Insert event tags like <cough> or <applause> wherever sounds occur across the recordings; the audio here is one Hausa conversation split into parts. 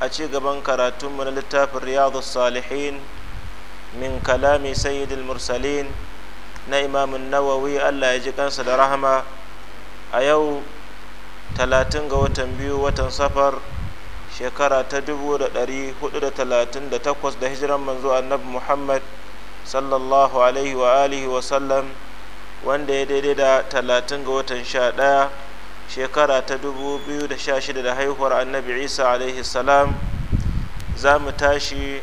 a ci gaban karatunmu na littafin riyadu salihin min kalami sayyidil mursalin na imamun nawawi allah ya ji kansa da rahama a yau talatin ga watan biyu watan safar shekara ta dubu da ɗari hudu da talatin da takwas da hijiran manzo annabi muhammad sallallahu alaihi wa alihi wasallam wanda ya daidai da talatin ga watan sha ɗaya shekara ta 2016 da haihuwar annabi isa alaihi salam za mu tashi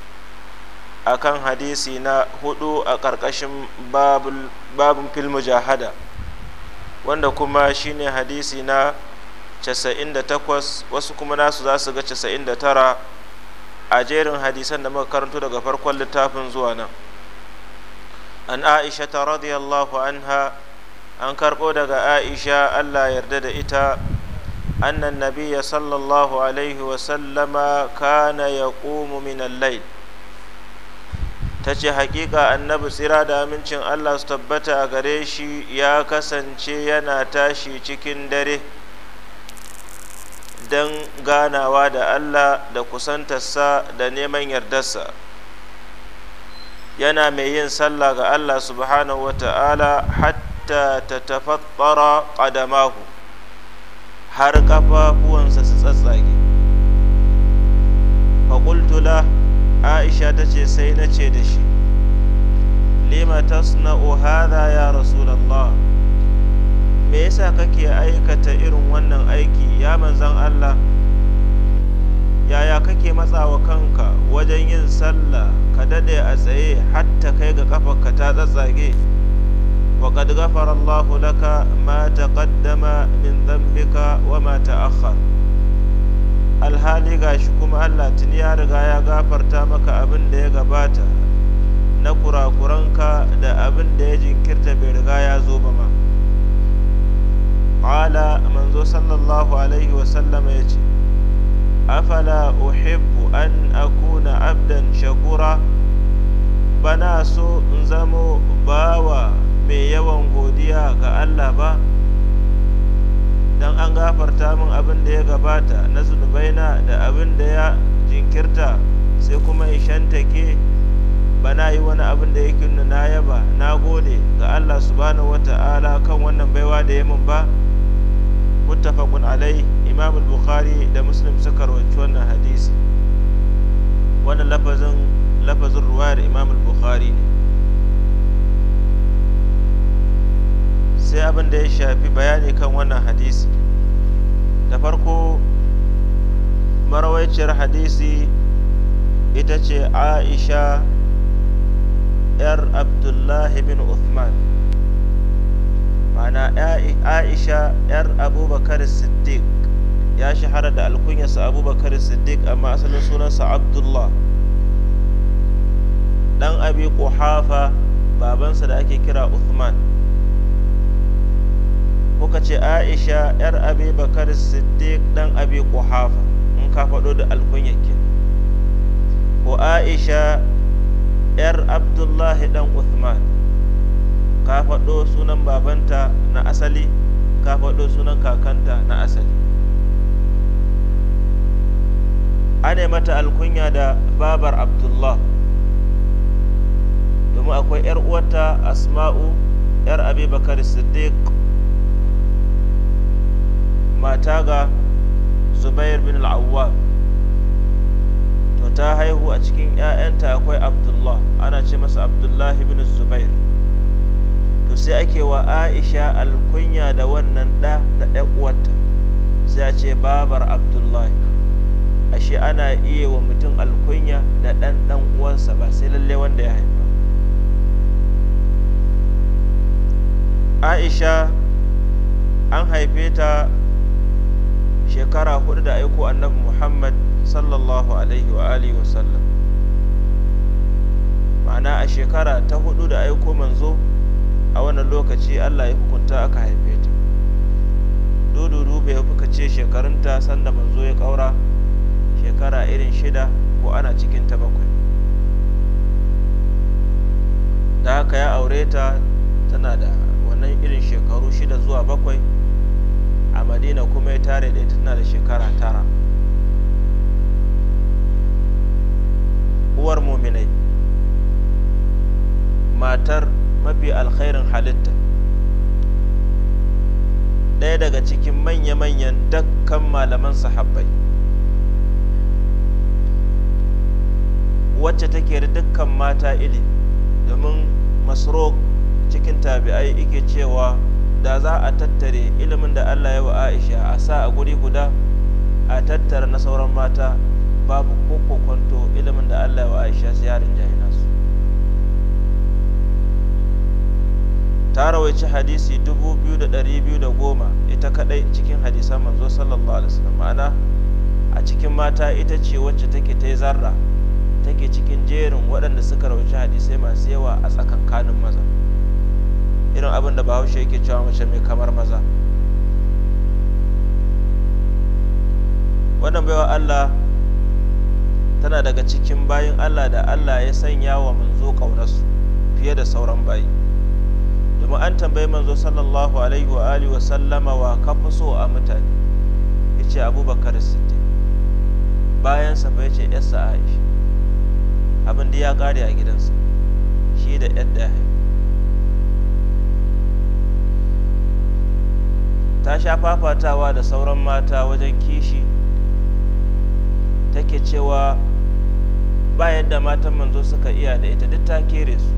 a kan hadisi na hudu a ƙarƙashin babin filmu jahada wanda kuma shi ne hadisi na 98 wasu kuma nasu za su ga 99 a jerin hadisan da muka karanto daga farkon littafin zuwa nan an aisha ta radiyallahu anha an karɓo daga aisha allah yarda da ita annan nabiya sallallahu alaihi wasallama kana ya ƙumu minan ta ce haƙiƙa annabi tsira da amincin allah su tabbata a gare shi ya kasance yana tashi cikin dare don ganawa da allah da kusantarsa da neman yardarsa yana mai yin sallah ga allah subhanahu wa ta'ala hatta hatta tafattara qadamahu har ƙafafuwansa su tsatsage faƙultula aisha ta ce sai na ce da shi lima na hadha ya rasulallah me yasa kake aikata irin wannan aiki ya manzan Allah yaya kake matsawa kanka wajen yin sallah ka dade a tsaye hatta kai ga kafarka ta tsatsage وقد غفر الله لك ما تقدم من ذنبك وما تأخر alhali shi kuma Allah tuni ya riga ya gafarta maka abin da ya gabata na kurakuranka da abin da ya jinkirta bai riga ya zo ba ma qala manzo sallallahu alaihi wa sallama yace afala uhibbu an akuna abdan shakura bana so in zamo bawa mai yawan godiya ga Allah ba don an gafarta min abin da ya gabata na zunubaina da abin da ya jinkirta sai kuma ishantake ba na yi wani abin da yake na yaba na gode ga Allah subhanahu wata'ala kan wannan baiwa da ya min ba muttafaqun alai imam bukhari da muslim suka rawaito wannan hadisi wannan lafazin lafazin ruwayar imam bukhari ne sai abin da ya shafi bayani kan wannan hadisi da farko marawaiciyar hadisi ita ce aisha yar abdullahi bin uthman mana aisha yar abubakar siddiq ya shahara da alkunyarsa abubakar siddiq amma asalin sunansa abdullah dan abi kuhafa babansa da ake kira uthman kuka ce aisha yar abi bakar siddiq dan abi kuhafa in ka faɗo da alkunyakin ko aisha yar abdullahi dan uthman ka faɗo sunan babanta na asali ka faɗo sunan kakanta na asali ane mata alkunya da babar abdullah domin akwai yar uwarta asma'u yar abi bakar siddiq mata ga zubair bin al'awwa to ta haihu a cikin 'ya'yanta akwai abdullah ana ce masa abdullahi bin zubair to sai ake wa aisha alkunya da wannan ɗa da ɗan'uwarta sai a ce babar abdullahi ashe ana iya wa mutum alkunya da ɗan ɗan uwansa ba sai lalle wanda ya haifa aisha an haife ta shekara hudu da aiko annabi muhammad sallallahu alaihi wa alihi wasallam ma'ana a shekara ta hudu da aiko manzo a wannan lokaci allah ya hukunta aka haife ta dududu bai kuka ce shekarunta sanda manzo ya kaura shekara irin shida ko ana cikin ta bakwai da haka ya aure ta tana da wannan irin shekaru shida zuwa bakwai a madina kuma ya tare da tana da shekara tara uwar muminai matar mafi alkhairin halitta ɗaya daga cikin manya-manyan dakkan malaman sahabbai wacce take da dukkan mata ili domin masro cikin tabi'ai ike cewa da za a tattare ilimin da Allah ya wa Aisha a sa a guri guda a tattara na sauran mata babu ko ilimin da Allah ya wa Aisha sai yarin jahina su ta hadisi 2210 ita kadai cikin hadisan manzo sallallahu alaihi wasallam ma'ana a cikin mata ita ce wacce take ta zarra take cikin jerin waɗanda suka rawaici hadisai masu yawa a tsakankanin maza irin abin da bahaushe yake cewa mace mai kamar maza wannan baiwa allah tana daga cikin bayin allah da allah ya sanya wa manzo ƙaunarsu fiye da sauran bayi domin an tambayi manzo sallallahu alaihi wa alihi wa sallama wa kafa so a mutane ya ce abubakar siddiq bayan sa fa ya ce yarsa aisha abin da ya ƙare a gidansa shi da yadda ya ta sha fafatawa da sauran mata wajen kishi take cewa ba yadda matan manzo suka iya da ita duk ta kere su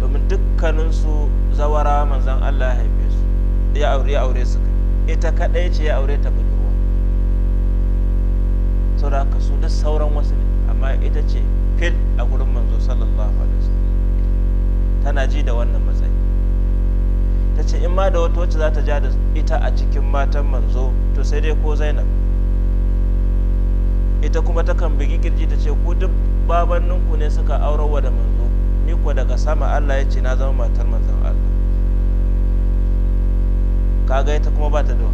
domin dukkaninsu zawara manzan Allah ya haife su ya aure aure suka ita kadai ce ya aure ta budurwa da haka su duk sauran wasu ne amma ita ce fil a gurin manzo sallallahu alaihi wasallam tana ji da wannan matsayi ta ce in ma da wata wacce za ta ja da ita a cikin matan manzo to sai dai ko zainab ita kuma ta kan bigi girji ta ce ku duk babanninku ne suka wa da manzo ni kuwa daga sama allah ya ce na zama matar manzon allah kaga ita kuma ba ta da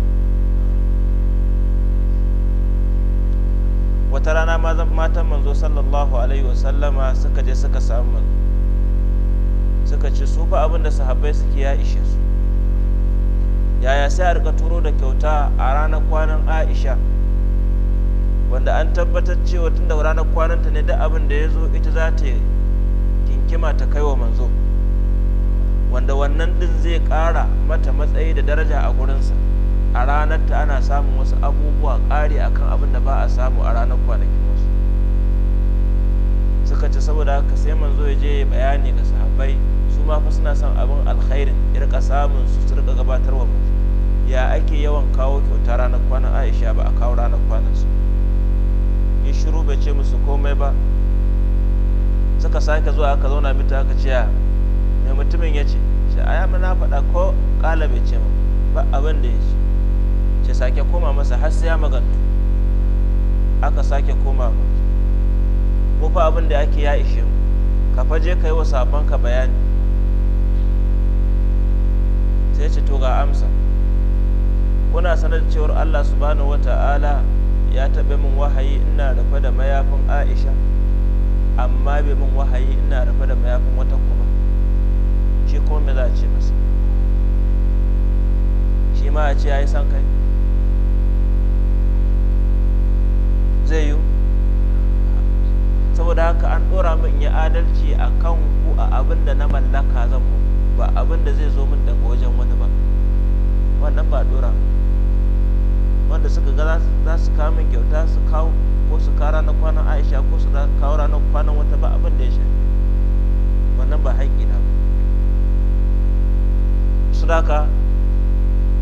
wata rana matan manzo sallallahu alaihi wasallama suka je suka samu manzo suka ce su fa abin da sahabbai suke ya ishe su yaya sai a rika turo da kyauta a ranar kwanan aisha wanda an tabbatar cewa tun da ranar kwananta ne duk abin da ya zo ita za ta kinkima ta kai wa manzo wanda wannan din zai kara mata matsayi da daraja a gurinsa a ranar ta ana samun wasu abubuwa ƙari akan abin da ba a samu a ranar kwanakin wasu suka ce saboda haka sai manzo ya je bayani ga sahabbai su ma fa suna son abin alkhairin irka samun su su rika gabatarwa ba. ya ake yawan kawo kyauta ranar kwanan aisha ba a kawo ranar kwanan su ya shiru bai ce musu komai ba suka sake zuwa aka zauna mita aka ce ya mai mutumin ya ce shi a yamma na faɗa ko ƙala bai ce ma ba abin da ya ce ce sake koma masa har sai ya magantu aka sake koma mu fa abin da ake ya ishe mu ka faje ka yi wa sabon ka bayani sai ce to ga amsa kuna sanar cewar Allah subhanahu wata'ala ya taɓa min wahayi ina rafa da mayafin Aisha amma bai min wahayi ina rafa da mayafin wata kuma shi kuma me za a ce masa shi ma a ce ya yi san kai zai yi saboda haka an ɗora min ya adalci a kan ku a abin da na mallaka zan ba abin da zai zo min daga wajen wani ba wannan ba ɗora min wanda suka ga za su kawo min kyauta su kawo ko su kawo ranar kwanan aisha ko su kawo ranar kwanan wata ba abin da ya shafi wannan ba haƙƙi na ba su daka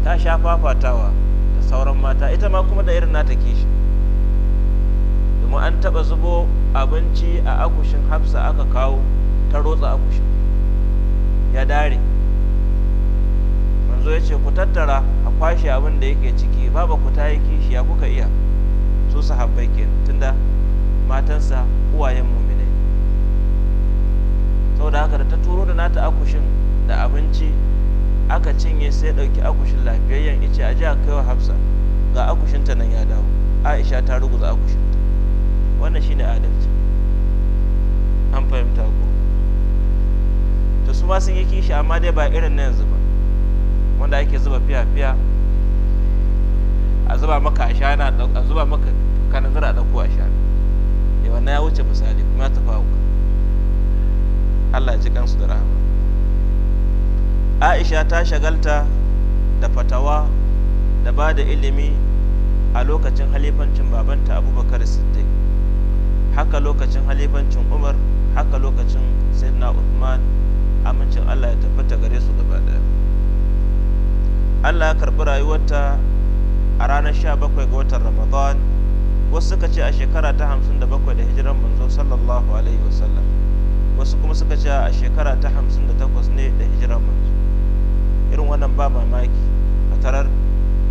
ta sha fafatawa da sauran mata ita ma kuma da irin nata kishi domin an taɓa zubo abinci a akushin hafsa aka kawo ta rotsa akushin ya dare manzo ya ce ku tattara kwashe abin da yake ciki babu ku ta yi kishiya kuka iya su sahabbai ke tunda matansa uwayen sau da haka da ta turo da nata akushin da abinci aka cinye sai ɗauki akushin lafiyayyen ice a ji a kaiwa hafsa ga akushinta nan ya dawo aisha ta ruguza akushinta wannan shine adalci an fahimta ko to su ma sun yi kishi amma dai ba irin na yanzu ba wanda ake zuba fiya-fiya a zuba maka a shana a zuba maka kanazir a ɗauko a shana ya eh, wannan ya wuce misali kuma ya tafi hauka Allah ya ji kansu da rahama Aisha ta shagalta da fatawa da ba da ilimi a lokacin halifancin babanta abubakar siddiq haka lokacin halifancin umar haka lokacin sayyidina uthman amincin allah ya tabbata gare su gaba daya allah ya karɓi rayuwarta a ranar 17 ga watan ramadan wasu suka ce a shekara ta 57 da hijiran manzo sallallahu alaihi wasallam wasu kuma suka ce a shekara ta 58 ne da hijiran manzo irin wannan ba mamaki a tarar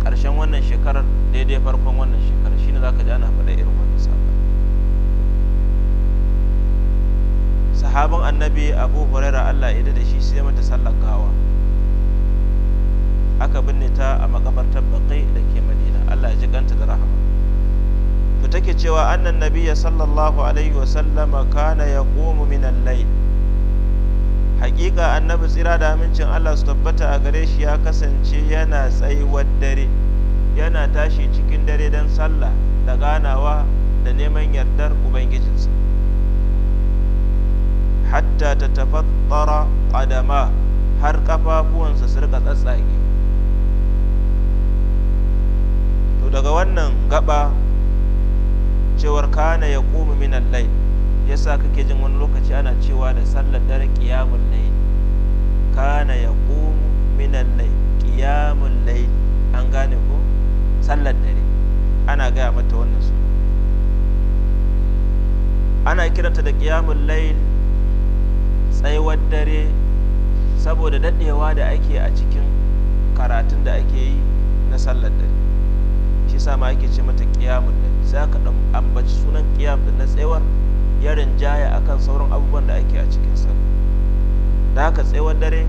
ƙarshen wannan shekarar daidai farkon wannan shekarar shine zaka ji ana faɗa irin wannan sabon sahabin annabi abu huraira allah ya da shi sai mata sallar gawa aka binne ta a makabartar baƙi da ke madina allah ya ji ganta da rahama to take cewa annan nabiya sallallahu alaihi wasallama kana ya komu minan lai haƙiƙa annabi tsira da amincin allah su tabbata a gare shi ya kasance yana tsayuwar dare yana tashi cikin dare don sallah da ganawa da neman yardar ubangijinsa hatta ta tafattara ƙadama har ƙafafuwansa su rika tsatsage to daga wannan gaba cewar kana ya kuma minan lai ya sa kake jin wani lokaci ana cewa da sallar dare kiyamun lai kana ya kuma minan lai kiyamun lai an gane ko sallar dare ana gaya mata wannan su ana kiranta da kiyamun lai tsaiwar dare saboda daɗewa da ake a cikin karatun da ake yi na sallar dare shi sa ma yake ce mata kiyamun da za ka ambaci sunan kiyam na tsewar ya rinjaya akan sauran abubuwan da ake a cikin sa da haka tsewar dare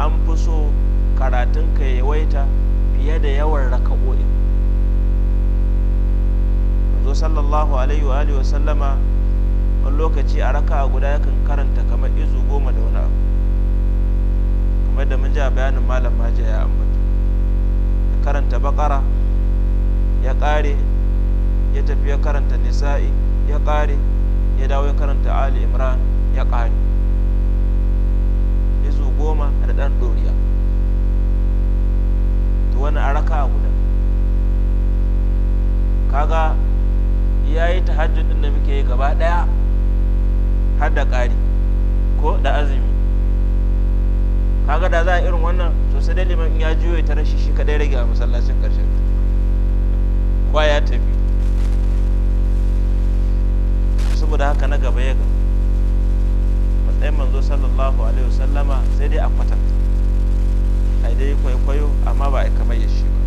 an fi so karatun ka yawaita fiye da yawan raka'o'i zo sallallahu alaihi wa alihi wa sallama wani lokaci a a guda yakan karanta kamar izu goma da wani abu kamar da mun ji a bayanin malam majiya ya ambata karanta bakara ƙare ya tafi ya karanta nisa'i ya ƙare ya dawo ya karanta ali imran ya ƙare izu goma da ɗan ɗoriya to wani a raka guda kaga ya yi ta tahajjudin da muke yi gaba ɗaya har da ƙari ko da azumi kaga da za a irin wannan sosai da liman ya juyo ta rashi shi kaɗai rage a masallacin ƙarshen kwa ya tafi saboda haka na gaba ya gaba matsayin manzo sallallahu alaihi wasallama sai dai a kwatanta a dai kwaikwayo amma ba a kamar shi ba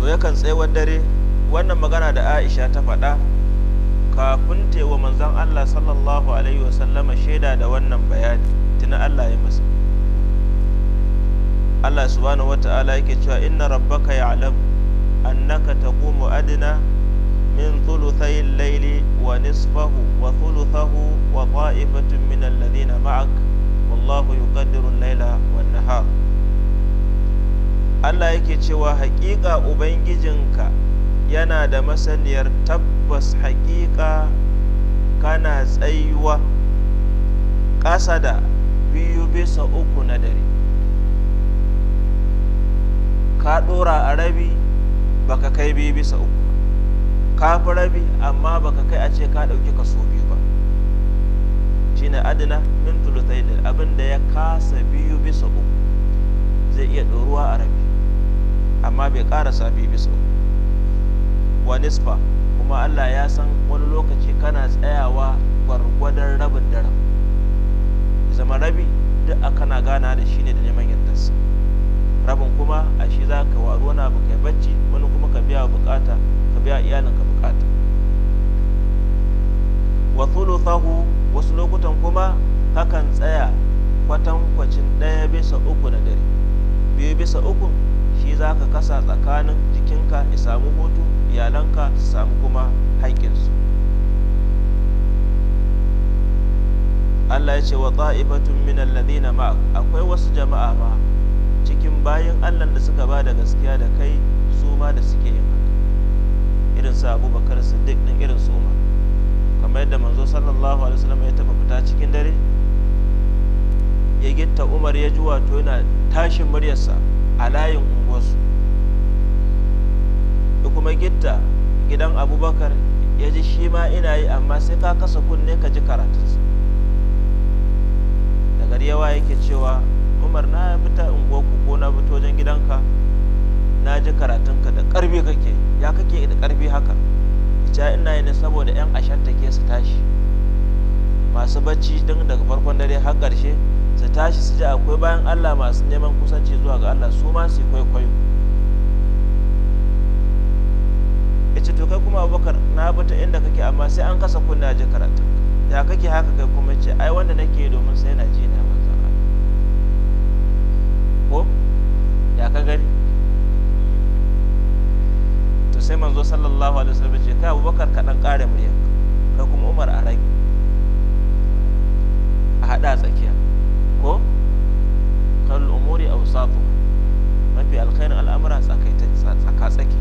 to yakan tsaye dare wannan magana da aisha ta faɗa kafin tewa manzon allah sallallahu alaihi wasallama shaida da wannan bayani tuna allah ya masu Allah subhanahu wata'ala yake cewa inna rabbaka ya'lam annaka taqumu adna min thuluthay al-layli wa nisfahu wa thuluthahu wa ta'ifatun min alladhina ma'ak wallahu yuqaddiru al-layla wan-nahar Allah yake cewa haƙiƙa ubangijinka yana da masaniyar tabbas haƙiƙa kana tsayuwa ƙasa da biyu bisa uku na dare ka ɗora a rabi baka kai biyu bisa uku ka fi rabi amma baka kai a ce ka ɗauki kaso biyu ba shine adana min tulutai abin da ya kasa biyu bisa uku zai iya ɗoruwa a rabi amma bai ƙarasa biyu bisa uku wa nisfa kuma Allah ya san wani lokaci kana tsayawa gwargwadon rabin rabi zama rabi duk a kana gana da shi ne da neman yardarsa rabin kuma a shi za ka waru wani abu kai bacci wani kuma ka biya bukata ka biya ka bukata wa thuluthahu wasu lokutan kuma hakan tsaya kwatankwacin ɗaya bisa uku na dare biyu bisa uku shi za ka kasa tsakanin jikinka ya samu hutu iyalanka su samu kuma haƙƙinsu Allah ya ce wa ta'ifatun min ladina ma akwai wasu jama'a ma cikin bayan allah da suka ba da gaskiya da kai su ma da suke yin haka irin su abubakar siddiq din irin su umar kamar yadda manzo sallallahu alaihi wasallam ya taba fita cikin dare ya gitta umar ya ji wato yana tashin muryarsa a layin unguwarsu ya kuma gitta gidan abubakar ya ji shi ma ina yi amma sai ka kasa kunne ka ji karatunsa da gari yawa yake cewa umar na fita unguwarku ko na fito wajen gidanka na ji karatunka da karfi kake ya kake da karfi haka ita ina yi ne saboda yan ashanta ke su tashi masu bacci don daga farkon dare har ƙarshe su tashi su ji akwai bayan allah masu neman kusanci zuwa ga allah su ma su kwaikwayo ita to kai kuma abubakar na fita inda kake amma sai an kasa kunna ji karatun ya kake haka kai kuma ce ai wanda nake domin sai na ji na ya ka gani to sai manzo sallallahu alaihi wasallam ce kai abubakar ka dan kare murya kai kuma umar a rage a hada tsakiya ko kal umuri safu mafi alkhairin al'amura tsaka tsaki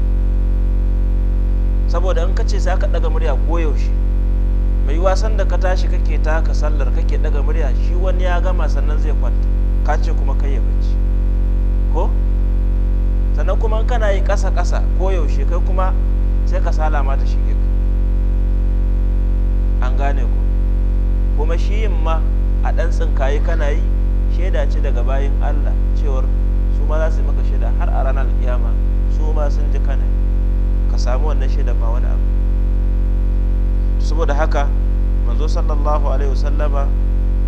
saboda in ka ce sai ka daga murya koyaushe mai wasan da ka tashi kake ta ka sallar kake daga murya shi wani ya gama sannan zai kwanta ka ce kuma kai ya bacci ko sannan kuma kana yi ƙasa ƙasa ko yaushe kai kuma sai ka salama ta shige ka an gane ku kuma shi yin ma a ɗan tsinkaye kana yi shaida ce daga bayan Allah cewar su ma za su yi maka shaida har a ranar kiyama su ma sun ji kana ka samu wannan shaida ba wani abu saboda haka manzo sallallahu alaihi wasallama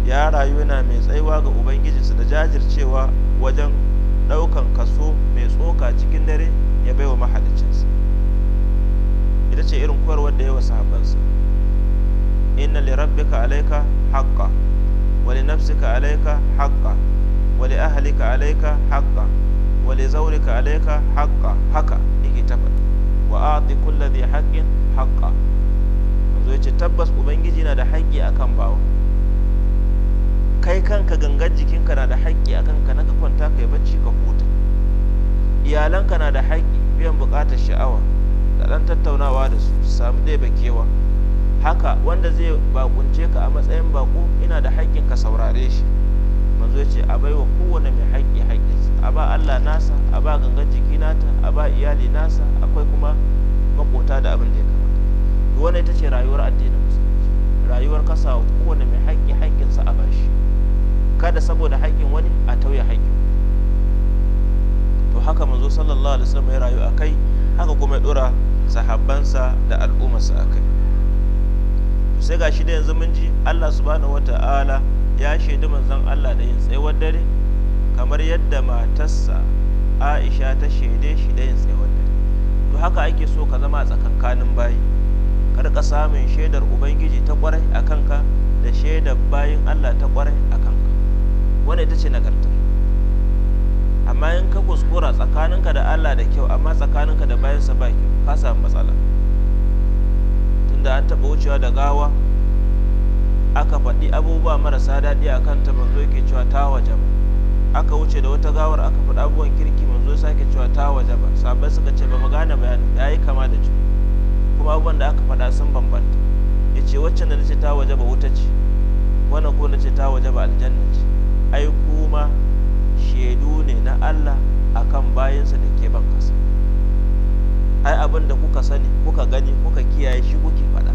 ya rayu yana mai tsaiwa ga ubangijinsa da jajircewa wajen ɗaukan kaso mai tsoka cikin dare ya bai wa mahalicinsa ita ce irin koyarwar da yawa sahabansa inna li rabbika alaika haqqa wa li nafsika alaika haqqa wa li ahlika alaika haqqa wa li zawrika alaika haqqa haka yake tafa wa a'ti kulli dhi haqqin haqqa yanzu yace tabbas ubangiji na da haƙƙi akan bawa kai kanka gangar jikinka na da haƙƙi a kanka na ka kwanta kai bacci ka huta iyalanka na da haƙƙi biyan buƙatar sha'awa da ɗan tattaunawa da su samu ɗaya kewa haka wanda zai bakunce ka a matsayin bako ina da haƙƙin ka saurare shi manzo ya ce a bai wa kowane mai haƙƙi su a ba Allah nasa a ba gangan jiki nata a ba iyali nasa akwai kuma makota da abin da ya kamata wannan ita ce rayuwar addinin musulunci rayuwar kasa kowane mai haƙƙi haƙƙinsa a bashi kada saboda haƙƙin wani a tauye haƙƙin to haka manzo sallallahu alaihi wasallam ya rayu a kai haka kuma ya dora sahabbansa da al'ummarsa a kai sai ga shi da yanzu mun ji Allah subhanahu wata'ala ya shaidi manzon Allah da yin tsayuwar dare kamar yadda matarsa Aisha ta shaide shi da yin tsayuwar dare to haka ake so ka zama a tsakankanin bayi kar ka samun shaidar ubangiji ta kwarai a kanka da shaidar bayin Allah ta kwarai a kanka wanda ita ce nagarta amma in ka kuskura tsakaninka da Allah da kyau amma tsakaninka da bayansa ba kyau ka samu matsala tunda an taɓa wucewa da gawa aka faɗi abubuwa marasa daɗi a kan ta manzo yake cewa ta waje ba aka wuce da wata gawar aka faɗi abubuwan kirki manzo sake cewa ta waje ba sabai suka ce ba mu gane ya yi kama da juna kuma abubuwan da aka faɗa sun bambanta ya ce waccan da na ce ta waje ba wuta ce wannan ko na ce ta waje ba aljanna ce ai kuma shaidu ne na Allah akan bayansa da ke ban kasa ai abin da kuka sani kuka gani kuka kiyaye shi kuke faɗa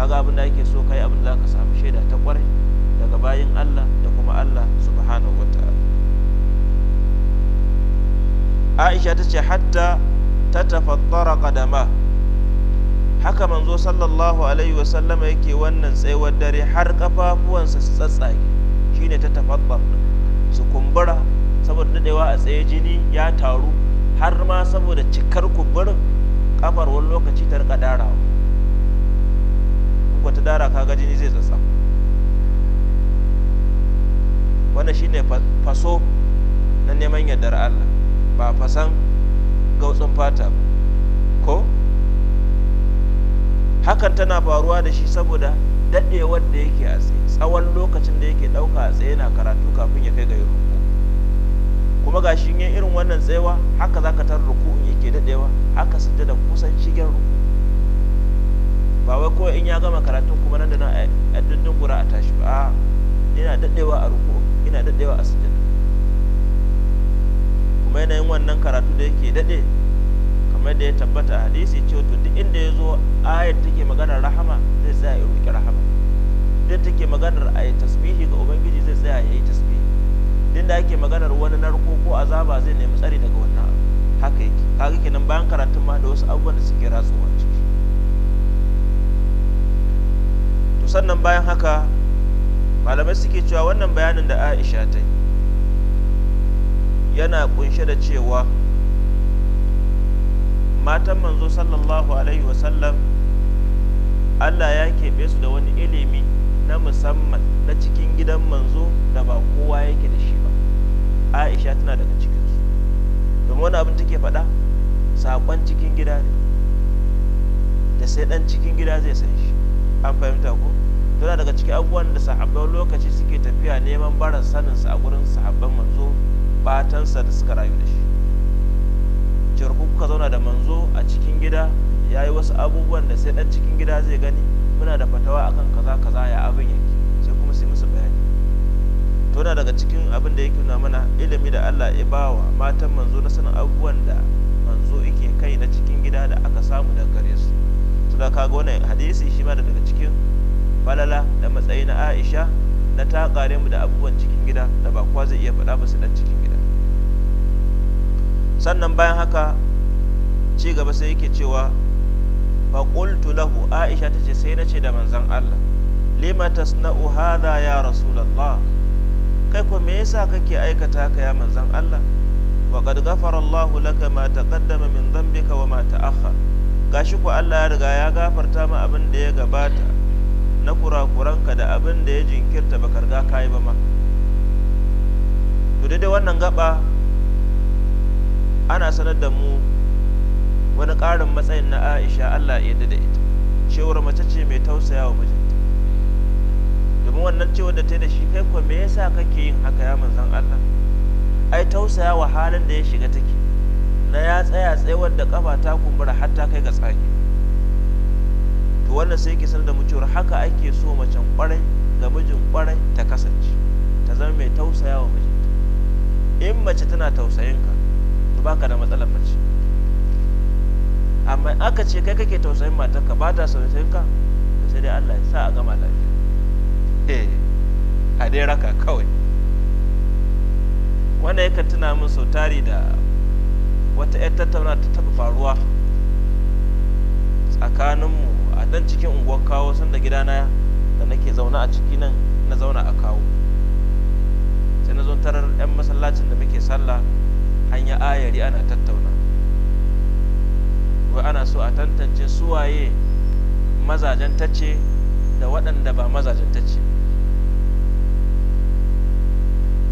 kaga abin da ake so kai abin da ka samu shaida ta kwarai daga bayin Allah da kuma Allah subhanahu wataala Aisha ta ce hatta ta tafattara kadama haka manzo sallallahu alaihi wasallama yake wannan tsayuwar dare har kafafuwansa su tsatsage shine ta tafabbab su kumbura saboda dadewa a tsaye jini ya taru har ma saboda cikar kumburin kafar wani lokaci ta rika dara in ta dara kaga jini zai tsatsa wannan shine faso na neman yardar Allah ba fasan gautsun fata ba ko hakan tana faruwa da shi saboda daɗewar da yake a tsaye tsawon lokacin da yake ɗauka a tsaye yana karatu kafin ya kai ga ruku kuma ga shi yin irin wannan tsayawa haka za ka tar ruku yake daɗewa haka su da kusan shigen ruku ba wai kawai in ya gama karatu kuma nan da nan a dundun gura a tashi ba yana daɗewa a ruku yana daɗewa a sujada kuma yanayin wannan karatu da yake daɗe. kamar da ya tabbata a hadisi cewa to duk inda ya zo ayat take maganar rahama zai tsaya ya roƙi rahama duk take maganar a yi tasbihi ga ubangiji zai tsaya ya yi tasbihi duk da ake maganar wani narko ko azaba zai nemi tsari daga wannan haka yake kaga kenan bayan karatun ma da wasu abubuwan da suke ratsuwa ciki to sannan bayan haka malamai suke cewa wannan bayanin da aisha ta yi yana kunshe da cewa matan manzo sallallahu alaihi wasallam allah ya keɓe su da wani ilimi na musamman na cikin gidan manzo da ba kowa yake da shi ba aisha tana daga cikinsu domin wani abin take faɗa saƙon cikin gida ne da sai ɗan cikin gida zai san shi an fahimta ko tana daga cikin abubuwan da sahabban lokaci suke tafiya neman barin saninsa a gurin sahabban manzo batansa da suka rayu da shi cewar kuka zauna da manzo a cikin gida ya yi wasu abubuwan da sai dan cikin gida zai gani muna da fatawa akan kaza kaza ya abin yake sai kuma su musu bayani to na daga cikin abin da yake nuna mana ilimi da Allah ya bawa matan manzo na sanin abubuwan da manzo yake kai na cikin gida da aka samu daga gare su to da kaga wannan hadisi shi ma daga cikin falala da matsayi na Aisha na ta mu da abubuwan cikin gida da ba kowa zai iya faɗa ba su cikin gida sannan bayan haka ci gaba sai yake cewa fa qultu lahu aisha tace sai na ce da manzon Allah lima tasna'u hadha ya rasulullah kai ko me yasa kake aikata ka ya manzon Allah wa qad ghafara Allah laka ma taqaddama min dhanbika wa ma ta'akhkhar gashi ko Allah ya riga ya gafarta ma abin da ya gabata na kurakuranka da abin da ya jinkirta bakar ga kai ba ma to dai wannan gaba ana sanar da mu wani ƙarin matsayin na aisha allah ya da ita cewar mace ce mai tausaya wa mijinta domin wannan cewar da ta da shi kai kuwa me yasa kake yin haka ya manzan allah ai tausaya wa halin da ya shiga take na ya tsaya tsayawar da kafa ta kumbura har ta kai ga tsaki to wannan sai ke sanar da mu cewar haka ake so macen kwarai ga mijin kwarai ta kasance ta zama mai tausaya wa mijinta in mace tana tausayinka to baka da matsalar mace amma aka ce kai kake tausayin matarka ba ta tausayin ka to sai dai Allah ya sa a gama lafiya eh a dai raka kawai wannan yakan tuna min sau tari da wata 'yar tattauna ta taɓa faruwa tsakaninmu a dan cikin unguwar kawo sanda gidana da nake zauna a ciki nan na zauna a kawo sai na zo tarar 'yan masallacin da muke sallah an ayari ana tattauna wa ana so a tantance suwaye mazajen tace da waɗanda ba mazajen tace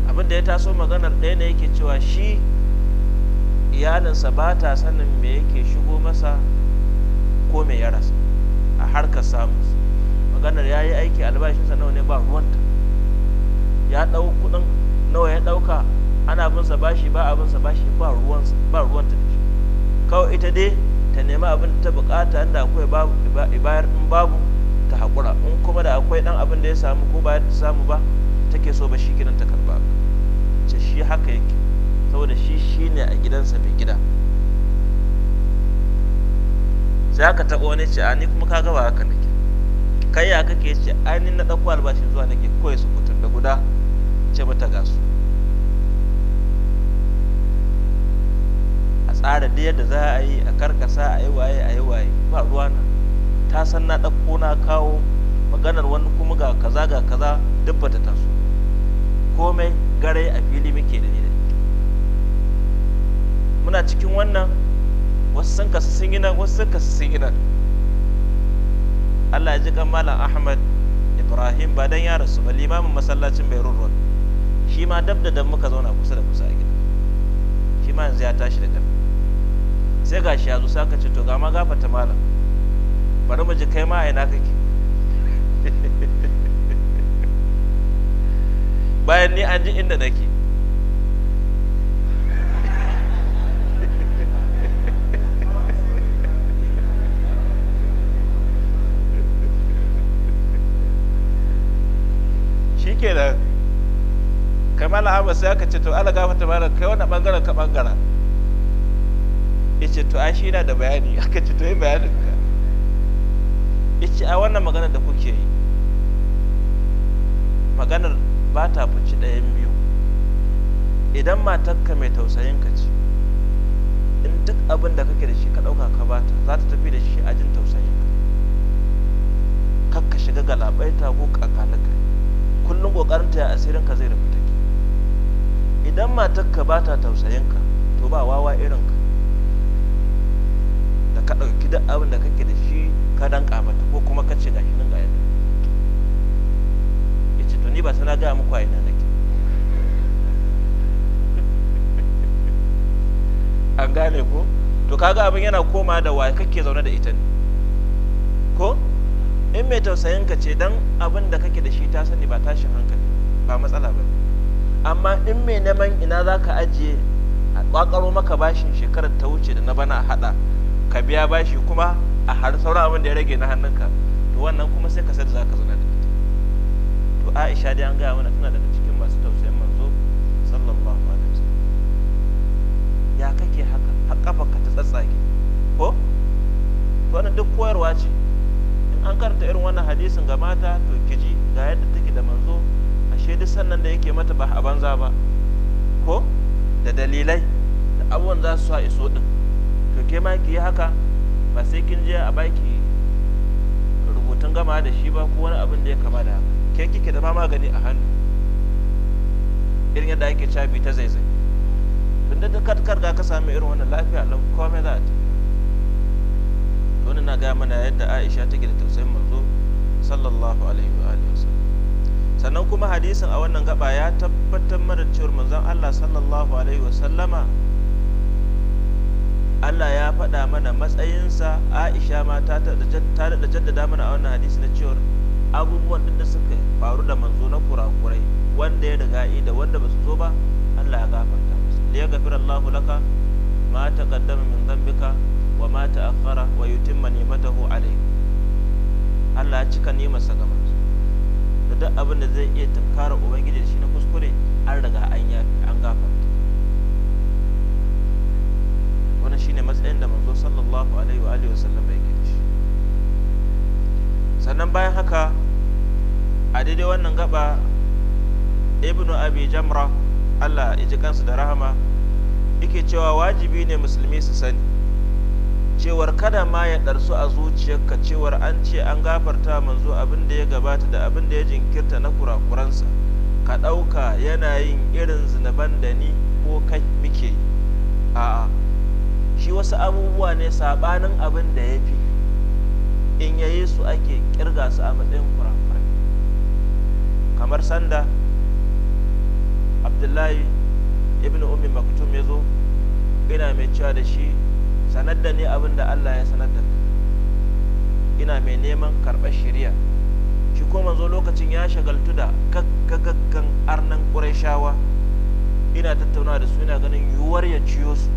abinda ya taso maganar ɗaya ne yake cewa shi iyalinsa ba ta sanin me yake shigo masa ko me ya rasa a harkar samu maganar ya yi aiki albashinsa nawa ne ba ruwanta ya ɗau kuɗin nawa ya ɗauka ana bin sa bashi ba abin sa bashi ba ruwan ba ruwan ta dashi kawai ita dai ta nemi abin ta bukata inda akwai babu ibayar in babu ta hakura in kuma da akwai dan abin da ya samu ko ba ta samu ba take so ba shi gidan ta karba ce shi haka yake saboda shi shine a gidansa mai gida sai aka taɓa wani ce a ni kuma ka gaba haka nake kai ya kake ce ainihin na ɗauko albashin zuwa nake kawai su fitar da guda ce mata gasu tsara da yadda za a yi a karkasa a yi waye a yi waye ba ruwa na ta san na ɗauko na kawo maganar wani kuma ga kaza ga kaza duk bata taso komai gare a fili muke da ni muna cikin wannan wasu sun kasu sun yi nan wasu sun kasu sun yi nan Allah ya ji kan Malam Ahmad Ibrahim ba dan ya rasu ba limamin masallacin Beirut Road shi ma dab da dab muka zauna kusa da kusa a gida shi ma yanzu ya tashi da sai shi ya zo saka ce to ga ma gafata malam bari mu ji kai ma aina ina kake <laughs> bayan ni an ji inda nake <laughs> kenan kamar ahmad sai aka ce to ala gafata malam kai wani bangaren ka bangaren ya ce to ai shi yana da bayani <laughs> aka ce to yi bayanin ka ya ce a wannan maganar da kuke yi maganar ba ta fici ɗayan biyu idan matarka mai tausayin ka ce in duk abin da kake da shi ka ɗauka ka bata za ta tafi da shi ajin tausayin ka kakka shiga galabaita ko kakalaka kullum ƙoƙarin ta ya asirin ka zai rufe take idan matarka ba ta tausayin ka to ba wawa irin ka ka ɗauki duk abin da kake da shi ka danka mata ko kuma ka ce gashi nan ga yadda ya ce to ni ba sana gaya muku a ina nake <laughs> an gane ko to kaga abin yana koma da wa kake zaune da ita ne ko in mai tausayin ka ce dan abin da kake da shi ta sani ba tashin hankali ba matsala ba amma in mai neman ina za ka ajiye a kwakaro maka bashin shekarar ta wuce da na bana hada ka biya bashi kuma a har sauran abin da ya rage na hannunka to wannan kuma sai ka sai da za ka zana da ita to aisha dai an gaya mana tana daga cikin masu tausayin manzo sallallahu alaihi wasallam ya kake haka har kafarka ta tsatsage ko to wannan duk koyarwa ce in an karanta irin wannan hadisin ga mata to kiji ga yadda take da manzo ashe duk sannan da yake mata ba a banza ba ko da dalilai da abubuwan za su sa iso din ke ma ki yi haka ba sai kin je a baki rubutun gama da shi ba ko wani abin da ya kama da haka ke kike da ma magani a hannu irin yadda ake cabi ta zaizai tun da karkar ga ka sami irin wannan lafiya lau kome za ta wani na gaya mana yadda aisha take da tausayin manzo sallallahu alaihi wa alihi wasallam sannan kuma hadisin a wannan gaba ya tabbatar mana cewar manzon Allah sallallahu alaihi wa sallama. Allah ya faɗa mana matsayinsa Aisha ma ta daɗa jaddada mana a wannan hadisi na cewar abubuwan da suka faru da manzo na kurakurai wanda ya riga da wanda ba su zo ba Allah ya gafarta musu li ya Allahu laka ma taqaddama min dhanbika wa ma ta'akhkhara wa yutimma ni'matahu alayk Allah ya cika nimarsa ga manzo da duk abin da zai iya tunkara ubangiji da shi na kuskure an riga an yafi an gafarta wannan shine matsayin da manzo sallallahu alaihi wa alihi wasallam bai shi sannan bayan haka a daidai wannan gaba ibnu abi jamra Allah ya ji kansu da rahama yake cewa wajibi ne musulmi su sani cewar kada ma ya ɗarsu a zuciyarka cewar an ce an gafarta manzo abin da ya gabata da abin da ya jinkirta na kurakuransa ka ɗauka yana yin irin zinaban da ni ko kai muke a'a shi wasu abubuwa ne sabanin abin da ya fi in ya yi su ake kirga su a matsayin kurafai kamar sanda abdullahi ibn umi maktum ya zo ina mai cewa da shi sanar da ne abin da allah ya sanar da ina mai neman karɓar shirya shi ko manzo lokacin ya shagaltu da kakkakakkan arnan shawa ina tattauna da su ina ganin yiwuwar ya ciyo su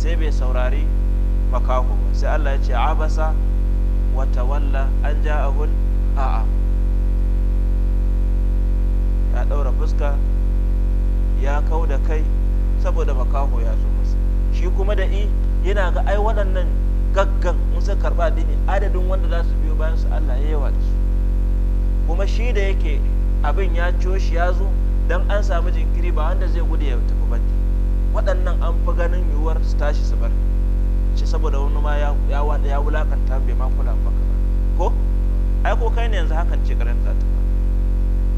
sai bai saurari makaho ba sai Allah ya ce abasa wa tawalla an ja ja'ahul a'a ya daura fuska ya kau da kai saboda makaho ya zo masa shi kuma da i yana ga ai waɗannan gaggan in suka karɓa dini adadin wanda za su biyo bayan su Allah ya yawa da su kuma shi da yake abin ya ciyo shi ya zo don an samu jinkiri ba wanda zai gudu ya tafi bane waɗannan an fi ganin yiwuwar su tashi su bar shi saboda wani ma ya wada ya wulakanta bai ma kula ba ko ai ko kai ne yanzu hakan ce karen za ta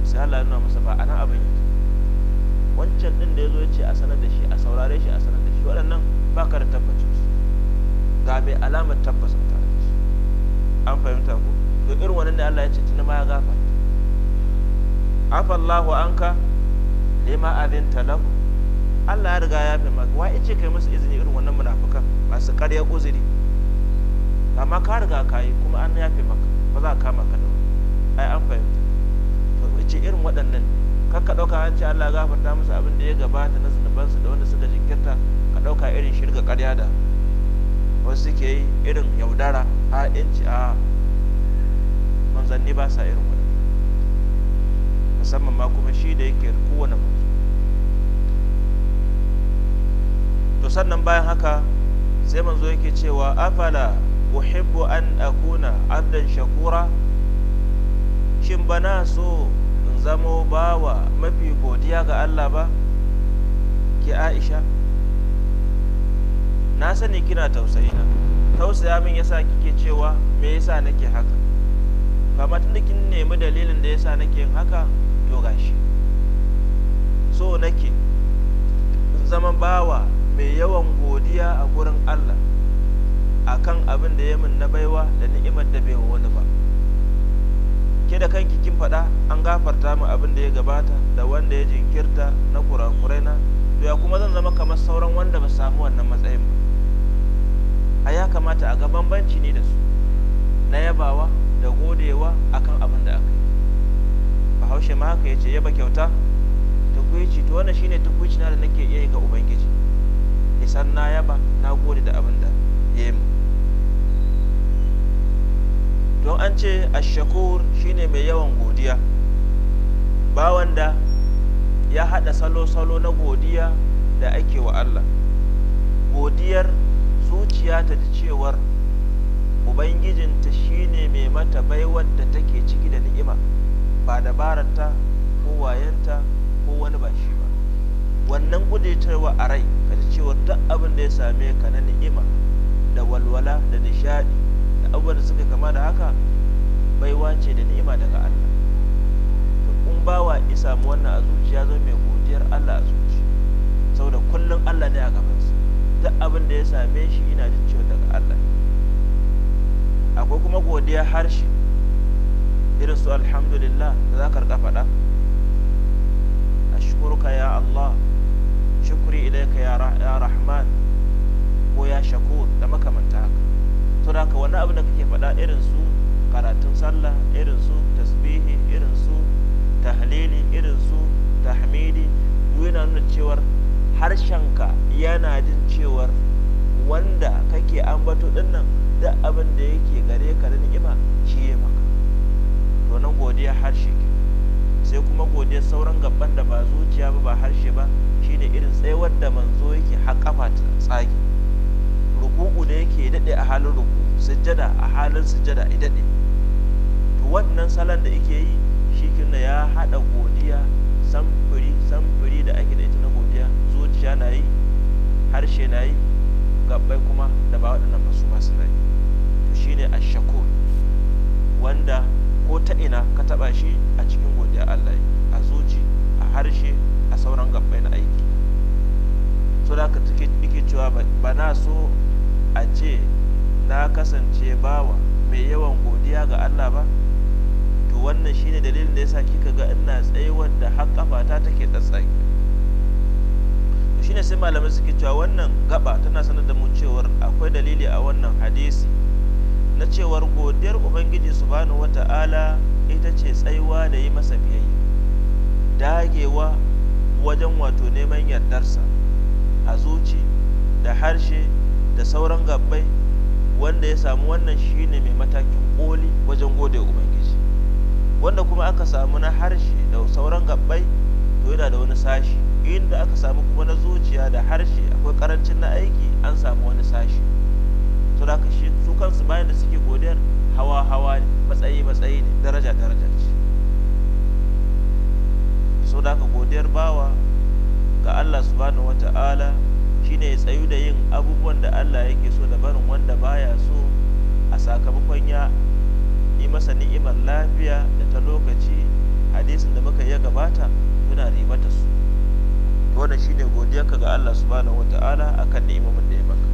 sai Allah ya nuna masa ba anan abin yake wancan din da yazo ya ce a sanar da shi a saurare shi a sanar da shi waɗannan ba ka da tabbacin su ga mai alamar tabbas ta da an fahimta ko to irin wannan da Allah ya ce tuni ma ya gafa Allahu anka lima adinta lahu Allah ya riga ya fi maka wa ce kai musu izini irin wannan munafukan masu ƙarya uzuri amma ka riga ka yi kuma an ya fi maka ba za a kama ka da ai an fahimta to ice irin waɗannan kar ka ɗauka an ce Allah ya gafarta musu abin da ya gabata na zunubansu da wanda suka jinkirta ka ɗauka irin shirga ƙarya da wasu suke yi irin yaudara a inci a manzanni ba sa irin wani musamman ma kuma shi da yake kowane sannan bayan haka sai manzo yake cewa afala uhibbu an akuna abdan shakura shin bana so in zamo bawa mafi godiya ga Allah ba ki Aisha na sani kina tausayi na tausaya min yasa kike cewa me yasa nake haka kama tun kin nemi dalilin da yasa nake yin haka to gashi so nake in zama bawa mai yawan godiya a gurin Allah akan abin da ya min na baiwa da ni'imar da bai wani ba ke da kanki kin faɗa an gafarta mu abin da ya gabata da wanda ya jinkirta na kurakurai na to ya kuma zan zama kamar sauran wanda ba samu wannan matsayin ba a ya kamata a ga bambanci ne da su na yabawa da godewa akan abin da aka yi bahaushe ma haka ya ce yaba kyauta Tukwici, to wannan shine tukuici na da nake iya yi ga ubangiji isan na yaba na gode da abin da ya yi don an ce ashakur shine mai yawan godiya bawan da ya hada salo-salo na godiya da ake wa Allah godiyar zuciya ta da cewar ubangijinta shine mai mata baiwar da take ciki da ni'ima ba dabararta ko wayanta ko wani ba shi ba wannan gudetarwa a rai ka ji cewa duk abin da ya same ka na ni'ima da walwala da nishadi da abubuwan da suka kama da haka baiwa ce da ni'ima daga Allah to kun bawa ya samu wannan a zuciya zo mai godiyar Allah a zuci saboda kullum Allah ne a sa duk abin da ya same shi yana jin cewa daga Allah akwai kuma godiya harshe irin su alhamdulillah da za ka rika faɗa ashkuruka ya Allah shukuri ilaika ya rahman ko ya shako da makamanta haka to da ka wani abu da kake faɗa irin su karatun sallah irin su tasbihi irin su tahlili irin su tahmidi yana nuna cewar harshenka yana jin cewar wanda kake ambato dinnan duk abin da yake gare ka da ni'ima shi ya maka to nan godiya harshe ke sai kuma godiya sauran gaban da ba zuciya ba ba harshe ba shine irin tsayawar da manzo yake haƙafa ta tsagi ruku'u da yake daɗe a halin ruku sujjada a halin sujjada ya daɗe to wannan salon da yake yi shi kina ya haɗa godiya samfuri samfuri da ake da ita na godiya zuciya na yi harshe na yi gabbai kuma da ba waɗannan ba masu rai to shine ashakur wanda ko ta ina ka taɓa shi a cikin da Allah a zuci a harshe a sauran gabbai na aiki so da ka take cewa ba na so a ce na kasance bawa mai yawan godiya ga Allah ba to wannan shine dalilin da yasa kika ga ina tsayuwar da har kafata take tsatsaki shine sai malamai suke cewa wannan gaba tana sanar da mu cewar akwai dalili a wannan hadisi na cewar godiyar ubangiji subhanahu wata'ala ita ce tsaiwa da yi masa biyayya dagewa wajen wato neman yardarsa a zuci da harshe da sauran gabbai wanda ya samu wannan shine mai matakin koli wajen gode ubangiji wanda kuma aka samu na harshe da sauran gabbai to yana da wani sashi inda aka samu kuma na zuciya da harshe akwai karancin na aiki an samu wani sashi to da shi su kansu bayan da suke godiyar hawa hawa matsayi matsayi daraja daraja ce so da ka godiyar bawa ga Allah subhanahu ta'ala shine ya tsayu da yin abubuwan da Allah yake so da barin wanda baya so a sakamakon ya yi masa ni'imar lafiya da ta lokaci hadisin da muka ya gabata muna ribata su wannan shine godiyarka ga Allah subhanahu akan ni'imomin da ya maka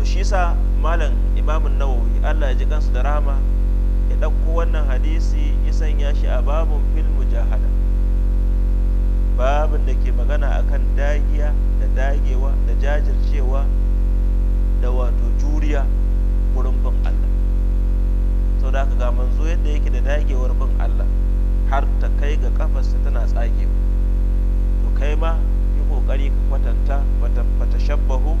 to shi sa malam imamun nawawi allah ya ji kansu da rama ya ɗauko wannan hadisi ya sanya shi a babun fil mujahada babin da ke magana akan dagiya da dagewa da jajircewa da wato juriya wurin bin allah sau da ga manzo yadda yake da dagewar bin allah har ta kai ga kafarsa tana tsage to kai ma yi kokari ka kwatanta wata shabbahu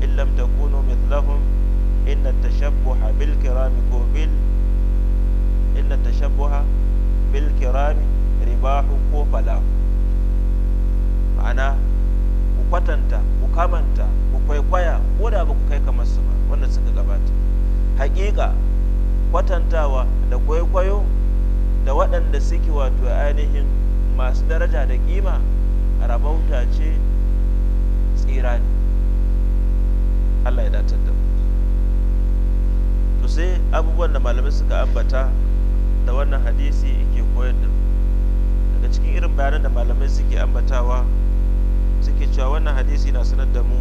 illam takunu mithlahum inna tashabbuha bil kirami ko bil inna tashabbuha bil kirami ribahu ko falahu ma'ana ku kwatanta ku kamanta ku kwaikwaya ko da ba ku kai kamar su ba suka gabata hakika kwatantawa da kwaikwayo da waɗanda suke wato ainihin masu daraja da ƙima rabauta ce tsira ne Allah ya datar da mu to sai abubuwan da malamai suka ambata da wannan hadisi yake koyar da daga cikin irin bayanan da malamai suke ambatawa suke cewa wannan hadisi na sanar da mu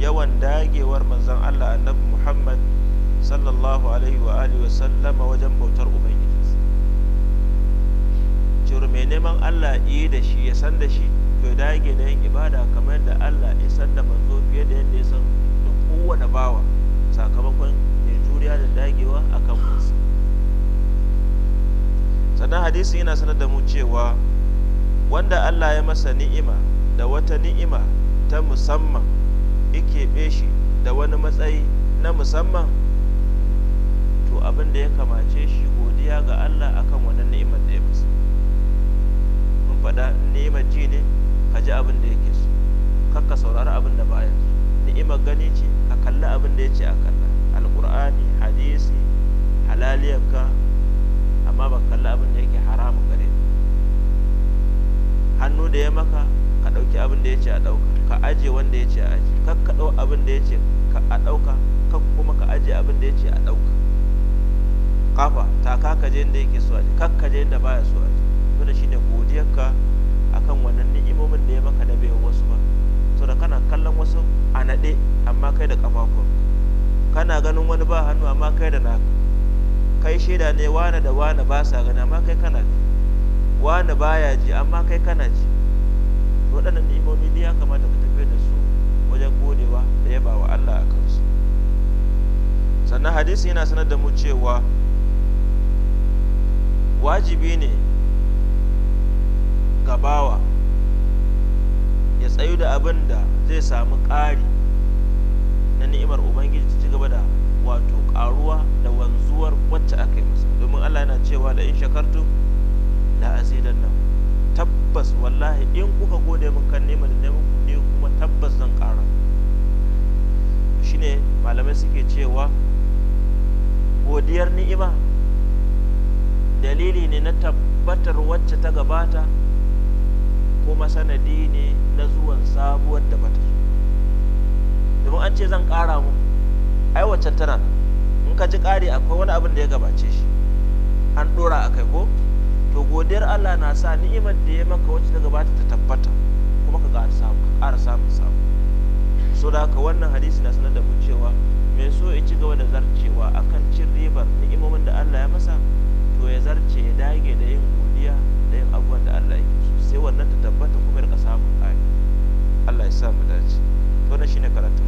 yawan dagewar manzon Allah annabi Muhammad sallallahu alaihi wa alihi wa sallama wajen bautar ubangiji cewar mai neman Allah yi da shi ya san da shi to dage da yin ibada kamar da Allah ya san da manzo fiye da yadda ya san da kowane bawa sakamakon juriya da dagewa kan musu sannan hadisi yana sanar da mu cewa wanda Allah ya masa ni'ima da wata ni'ima ta musamman ike shi da wani matsayi na musamman to abin da ya kamace shi godiya ga Allah akan wani ni'imar da ya musu mun faɗa ni'imar ji ne ka ji abin da yake so kakka saurari abin da baya ni'imar gani ce a kalli abin da ya ce a kalla alƙur'ani hadisi halaliyarka amma ba kalli abin da yake haramun gare hannu da ya maka ka ɗauki abin da ya ce a ɗauka ka aje wanda ya ce a aje kak ka ɗau abin da ya ce a ɗauka kak kuma ka aje abin da ya ce a ɗauka kafa ta ka je inda yake so aje kak ka je inda baya so aje to da shine godiyarka akan wannan ni'imomin da ya maka da bai wasu ba saboda kana kallon wasu a naɗe amma kai da ƙafafun kana ganin wani ba hannu amma kai da naka kai shaida ne wane da wane ba sa gani amma kai kana ji wane baya ji amma kai kana ji waɗannan nimomi ne ya kamata ka tafi da su wajen godewa da yaba wa Allah a kansu sannan hadisi yana sanar da mu cewa wajibi ne gabawa ya tsayu da abin da zai samu ƙari na ni'imar ubangiji ta ci gaba da wato karuwa da wanzuwar wacce aka yi masa domin allah yana cewa da in shakartu la azidan nan tabbas wallahi in kuka gode min kan nema da muku ne kuma tabbas zan kara shine malamai suke cewa godiyar ni'ima dalili ne na tabbatar wacce ta gabata kuma sanadi ne na zuwan sabuwar da bata domin an ce zan ƙara mu ai waccan tana in ka ji ƙari akwai wani abin da ya gabace shi an ɗora a kai ko to godiyar Allah na sa ni'imar da ya maka wacce ta gabata ta tabbata kuma ka ƙara samu ka ƙara samun samu so da haka wannan hadisi na sanar da mu cewa mai so ya ci gaba da zarcewa akan cin ribar ni'imomin da Allah ya masa to ya zarce ya dage da yin godiya da yin abubuwan da Allah yake so sai wannan ta tabbata kuma ya rika samun ƙari Allah ya sa mu dace to na shine karatun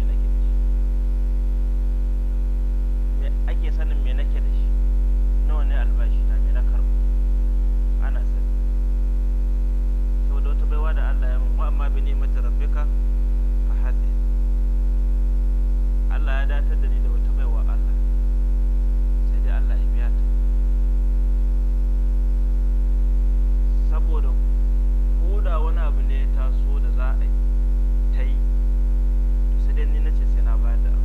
ake sanin me nake da shi nawa ne albashi ta me na karbo ana sani saboda wata baiwa da Allah ya mun wa amma bi ni'mati rabbika fa hadith Allah ya datar da ni da wata baiwa Allah sai dai Allah ya biya ta saboda koda wani abu ne ya taso da za a yi ta yi to sai dai ni nace sai na bayar da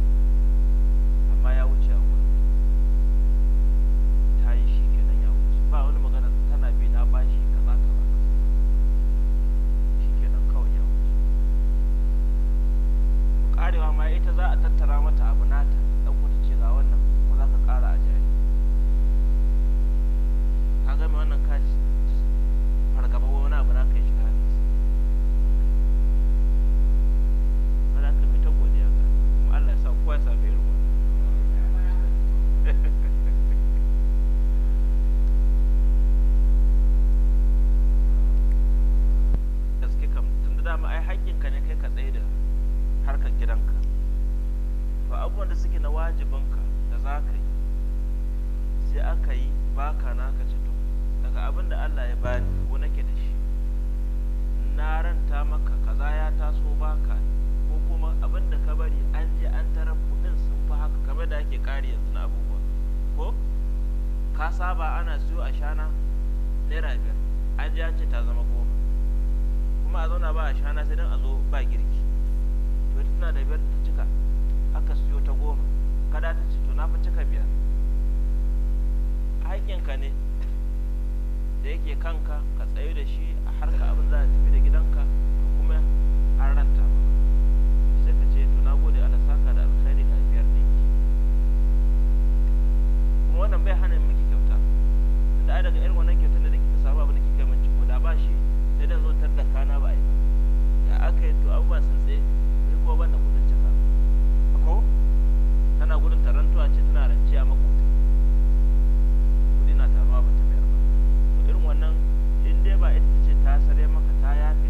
ka yi baka naka ce to daga abin da Allah ya bani ko nake da shi na ranta maka kaza ya taso baka ko kuma abin da ka bari an je an tarar kudin sun fi haka kamar da ake kari yanzu na abubuwa ko ka saba ana siyo a shana naira biyar an je an ce ta zama goma kuma a zauna ba a shana sai dan a zo ba girki to tana da biyar ta cika aka siyo ta goma kada ta ci to na fi cika biyar haƙƙinka ne da yake kanka ka tsayu da shi a harka abin za a tafi da gidanka to kuma an ranta sai ka ce to na gode ala saka da alkhairi da biyar ɗinki kuma wannan bai hana miki kyauta tunda ai daga irin wannan kyautar da kika samu abin da kika yi min ciko da ba shi sai da zo tar da kana ba a yi ya aka yi to abubuwa sun tsaye sai kuma ban da kuɗin cika ko tana gudun tarantuwa ce tana rance a mako wannan in dai ba ita ce ta sare maka ta yafe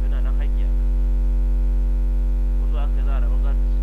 tana nan haƙƙi a ku zo aka yi za a rabu gado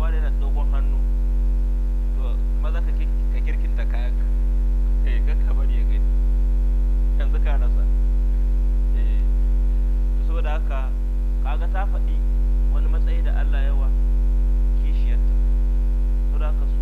cewa da dogon hannu to maza ka girkinta kayan ka ga kamar ya gani yanzu ka rasa eh to saboda haka kaga ta faɗi wani matsayi da Allah yawa kishiyarta saboda haka